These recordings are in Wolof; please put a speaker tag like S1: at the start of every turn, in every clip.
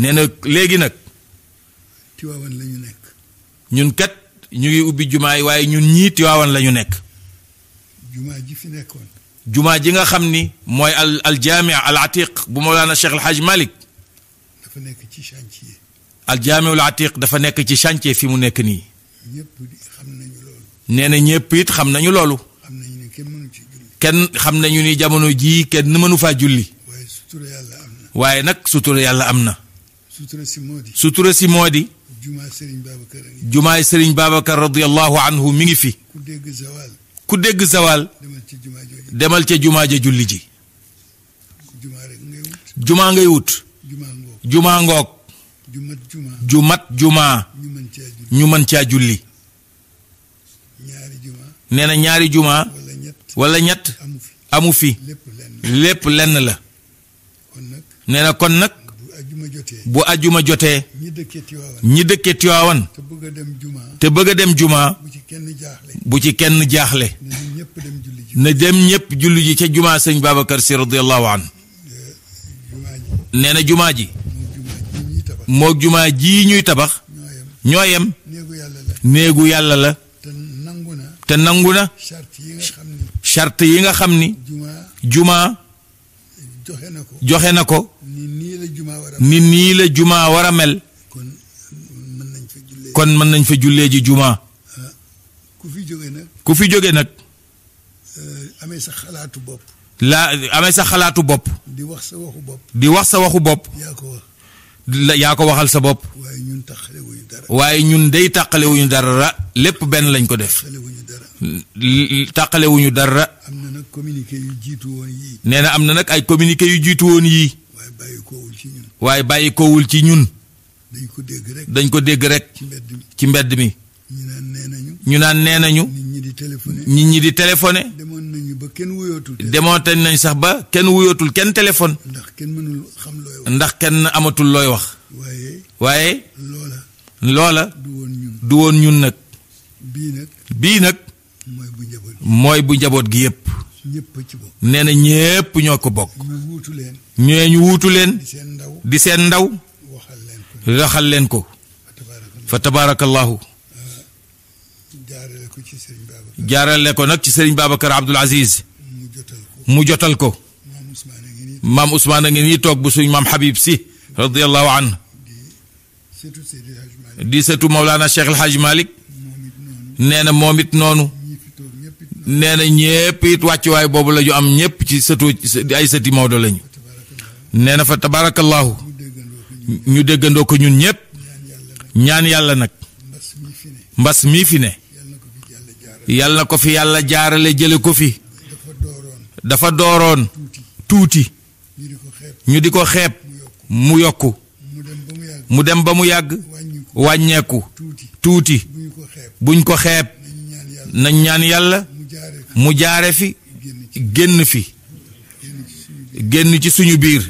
S1: nee na léegi nag. Tiwaawan la ñu ñun kat ñu ngi ubbi jumaa yi waaye ñun ñii Tiwaawan la nekk. jumaa ji fi nekkoon. jumaa ji nga xam ni mooy al al jaamia al bu Mawlana Cheikh El Hadj dafa nekk ci chantier. al jaamia al atiq dafa nekk ci chantier fi mu nekk nii. xam nee na ñëpp it xam nañu loolu. xam nañu kenn xam nañu ni jamono jii kenn mënu faa julli. waaye sutura nag sutura yàlla am na. sutura si moo di. sutura si moo di. mi ngi fi. ku dégg zawal. demal ca jumaa jooju. demal ja julli ji. jumaa ngay wut. jumaa ngay wut. ngoog. jumat jumaa. jumat jumaa. mën caa julli ñaari jumaa. nee na ñaari jumaa. wala ñett amu fi. lépp lenn la. nee na kon nag. bu ajjuma jotee ñi dëkkee Tiwaawan te bëgg a dem juma bu ci kenn jaaxle na dem ñëpp julli ji ca juma sëñ Babacar Si radiyallahu an jumaa ji moo jumaa ji ñuy tabax ñoo néegu yàlla la te nangu na charte yi nga xam ni jumaa joxe na ko. ni nii la jumaa war a mel kon mën nañ fa jullee ji jumaa ah, ku fi jóge nag ku fi jóge nag eh, amee sa xalaatu bopp laa amee sa xalaatu bopp di wax sa waxu bopp di wax sa waxu bopp yaa ko la yaa ko waxal sa bopp waaye ñun tàqale wuñu dara waaye ñun day tàqale wuñu dara lépp benn lañ ko def tàqale wuñu dara nee am na nag ay communiqué yu jiitu woon yii waaye bàyyi koowul ci ñun. dañ ko dégg rek dañ ko dégg rek ci mbedd mi. ñu naan nee nañu. ñu naan nee nañu. ñi di téléphoné. nit ñi di téléphoné. demoon nañu ba kenn wuyootul. demoon nañ sax ba kenn wuyootul kenn téléphone. ndax kenn mënul xam ndax kenn amatul looy wax. waaye. waaye. loola. loola. du woon ñun du woon ñun nag. bii nag. bii nag. mooy bu njaboot gi yëpp. nee na ñépp ñoo ko bokk ñee ñu wuutu leen di seen ndaw waxal leen ko fa tabaarakallaahu ah, jaarale ko nag ci sëriñ Babacar Abdoul Aziz mu jotal ko maam Ousmane a ngi nii toog bu suñ maam Habib si radiyallahu anhu di sëtu Mawlana Cheikh El Hadj Malick na moom it noonu nee na ñëpp it wàccuwaay boobu la ñu am ñëpp ci sëtu ay sëti Maodo lañu nee na fa tabaarakallaahu ñu déggandoo ko ñun ñëpp ñaan yàlla nag mbas mii fi ne yàlla na ko fi yàlla jaarale jële ko fi dafa dooroon tuuti ñu di ko xeeb mu yokk mu dem ba mu yàgg wàññeeku tuuti buñ ko xeeb nañ ñaan yàlla mu jaare fi génn fi génn ci suñu biir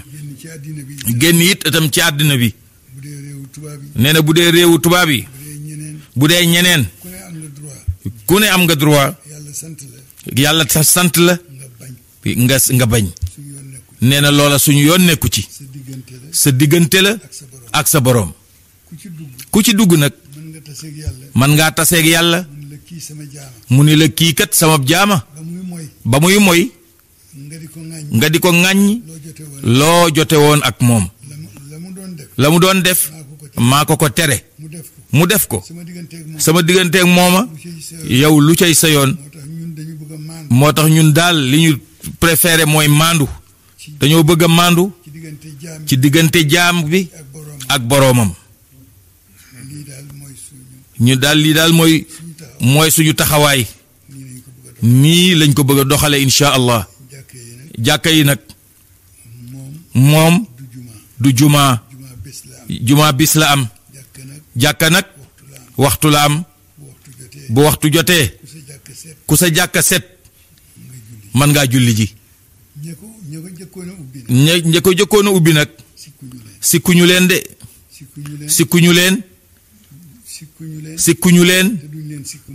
S1: génn it itam ci àddina bi nee na bu dee réewu tubaab yi bu dee ñeneen ku ne am nga droit yàlla sant la nga nga bañ nee na loola suñu yoon nekku ci sa diggante la ak sa boroom ku ci dugg nag mën nga taseeg yàlla mu ni la kii kat sama jaama ba muy moy nga di ko ŋàññ loo jote woon ak moom la mu doon def maa ko tere mu def ko sama digganteeg mooma yow lu cay sa yoon moo tax ñun daal li ñu préféré mooy maandu dañoo bëgg a maandu ci diggante jaam bi ak boroomam ñu daal lii daal mooy mooy suñu taxawaay nii lañ ko bëgg a doxale incha allah jàkka yi nag moom du jumaa jumaa bis la am jàkka nag waxtu la am bu waxtu jotee ku sa jàkka set mën ngaa julli ji ña ña ko jëkkoon ubbi nag sikkuñu leen de sikkuñu leen sikkuñu leen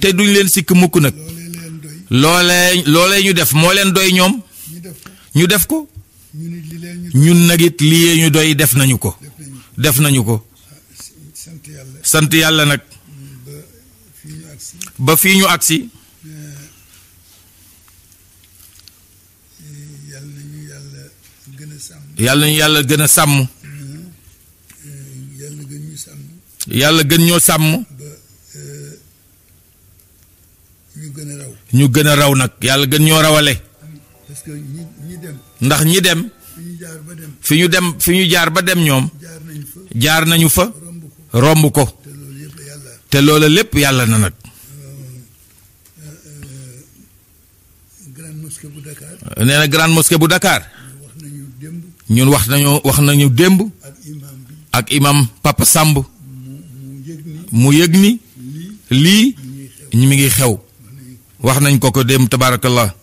S1: te duñ leen sikk mukk nag loolee loole ñu def moo leen doy ñoom ñu def ko ñun nag it lii ñu doy def nañu ko def nañu ko sant yàlla nag ba fii ñu agsi eh, yàlla ñu yàlla gën a sàmm yàlla gën ñu yàlla gën ñoo sàmm. Eh, ñu gën a raw. ñu gën a raw nag yàlla gën ñoo rawale. parce que ñi ñi ndax ñi dem. fi ñu dem. fi ñu jaar ba dem ñoom. jaar nañu fa. romb ko. te loola lépp yàlla na nag. nee euh, euh, grande mosquée bu Dakar. ñun wax nañu wax nañu démb. ak imaam Papa Samb mu yëg ni lii ñu mi ngi xew wax nañ ko ko dem tabarakallah